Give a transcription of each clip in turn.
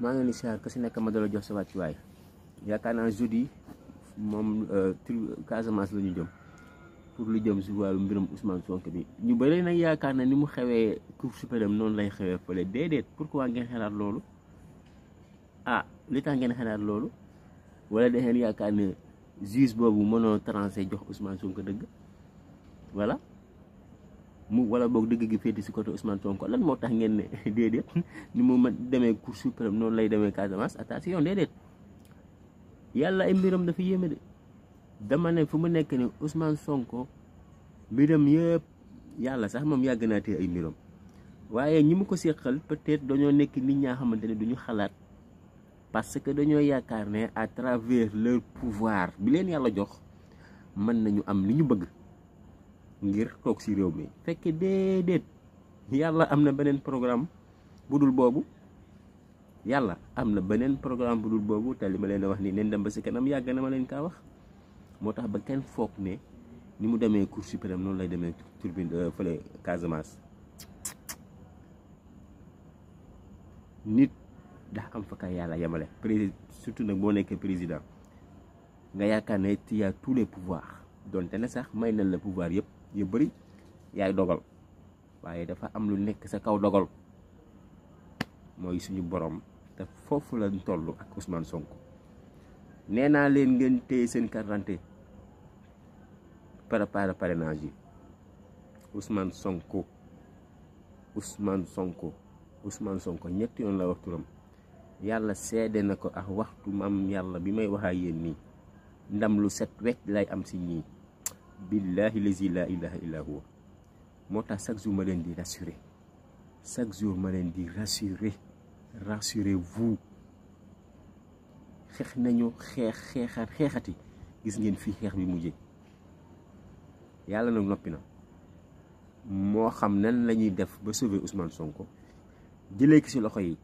maa ngi leen di siyaar si nekk ma dala jox sa wàccuwaay yaakaar naa jeudi moom euh, tur Casamance la ñu jëm pour lu jëm si wàllu mbirum Ousmane Sonko bi ñu bëri nag yaakaar na ni mu xewee Cour suprême noonu lay xewee fële déedéet pourquoi ngeen xalaat loolu ah li tax ngeen xalaat loolu wala da ngeen yaakaar ne juge boobu mënoo tranché jox Ousmane Sonko dëgg voilà. mu wala boog dëgg gi féete si côté Ousmane Sonko lan moo tax ngeen ne déedéet ni mu ma demee Cour suprême noonu lay demee Casamance attention déedéet yàlla ay mbiram dafa yéeme de dama ne fu mu nekk ne Ousmane Sonko mbiram yëpp yàlla sax moom yàgg naa te ay mbiram waaye ñi mu ko seqal peut-être dañoo nekk nit ñaa xamante ne duñu xalaat parce que dañoo yaakaar ne à travers leur pouvoir bi leen yàlla jox mën nañu am li ñu bëgg. ngir toog si réew mi fekke déedéet yàlla am na beneen programme bu dul boobu yàlla am na beneen programme bu dul boobu te li ma leen wax nii neen dem ba si kanam yàgg na ma leen kaa wax moo tax ba kenn foog ne ni mu demee Cour suprême noonu lay demee turbine euh, fële Casamance nit ndax am fa yàlla yemale président surtout nag boo nekkee président nga yaakaar ne tu as tous les pouvoirs donte ne sax may nañ la pouvoir yëpp yu bari yaay dogal waaye dafa am lu nekk sa kaw dogal mooy suñu boroom te foofu lañ toll ak Ousmane Sonko nee naa leen ngeen téye seen carte d'identité préparé parrainage yi Sonko Ousmane Sonko ñetti yoon la wax turam yàlla sedde na ko ak waxtu maam yàlla bi may wax ak yéen nii ndam lu set wecc lay am si ñii. billahi lazi la ilaha illa huwa moo tax chaque jour ma leen di rassurer chaque jour ma leen di rassurer rassurez-vous xeex nañu xeex xeexat xeexati gis ngeen fii xeex bi mu mujjee yàlla nag noppi na moo xam nan lañuy def ba sauver Ousmane Sonko jëlee ko ci loxo yi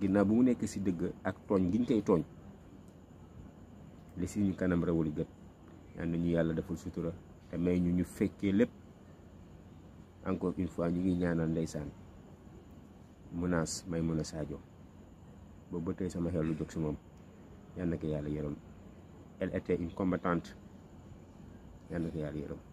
ginnaaw bu mu nekk si dëgg ak tooñ gi ñu koy tooñ li ci ñu kanam rawali gët yal ñu yàlla deful sutura te may ñu ñu fekkee lépp encore une fois ñu ngi ñaanal ndeysaan menace may mën a Sadio boobu tey sama xel lu jóg si moom yal na ko yàlla yërëm elle était une combattante yal ko yàlla yërëm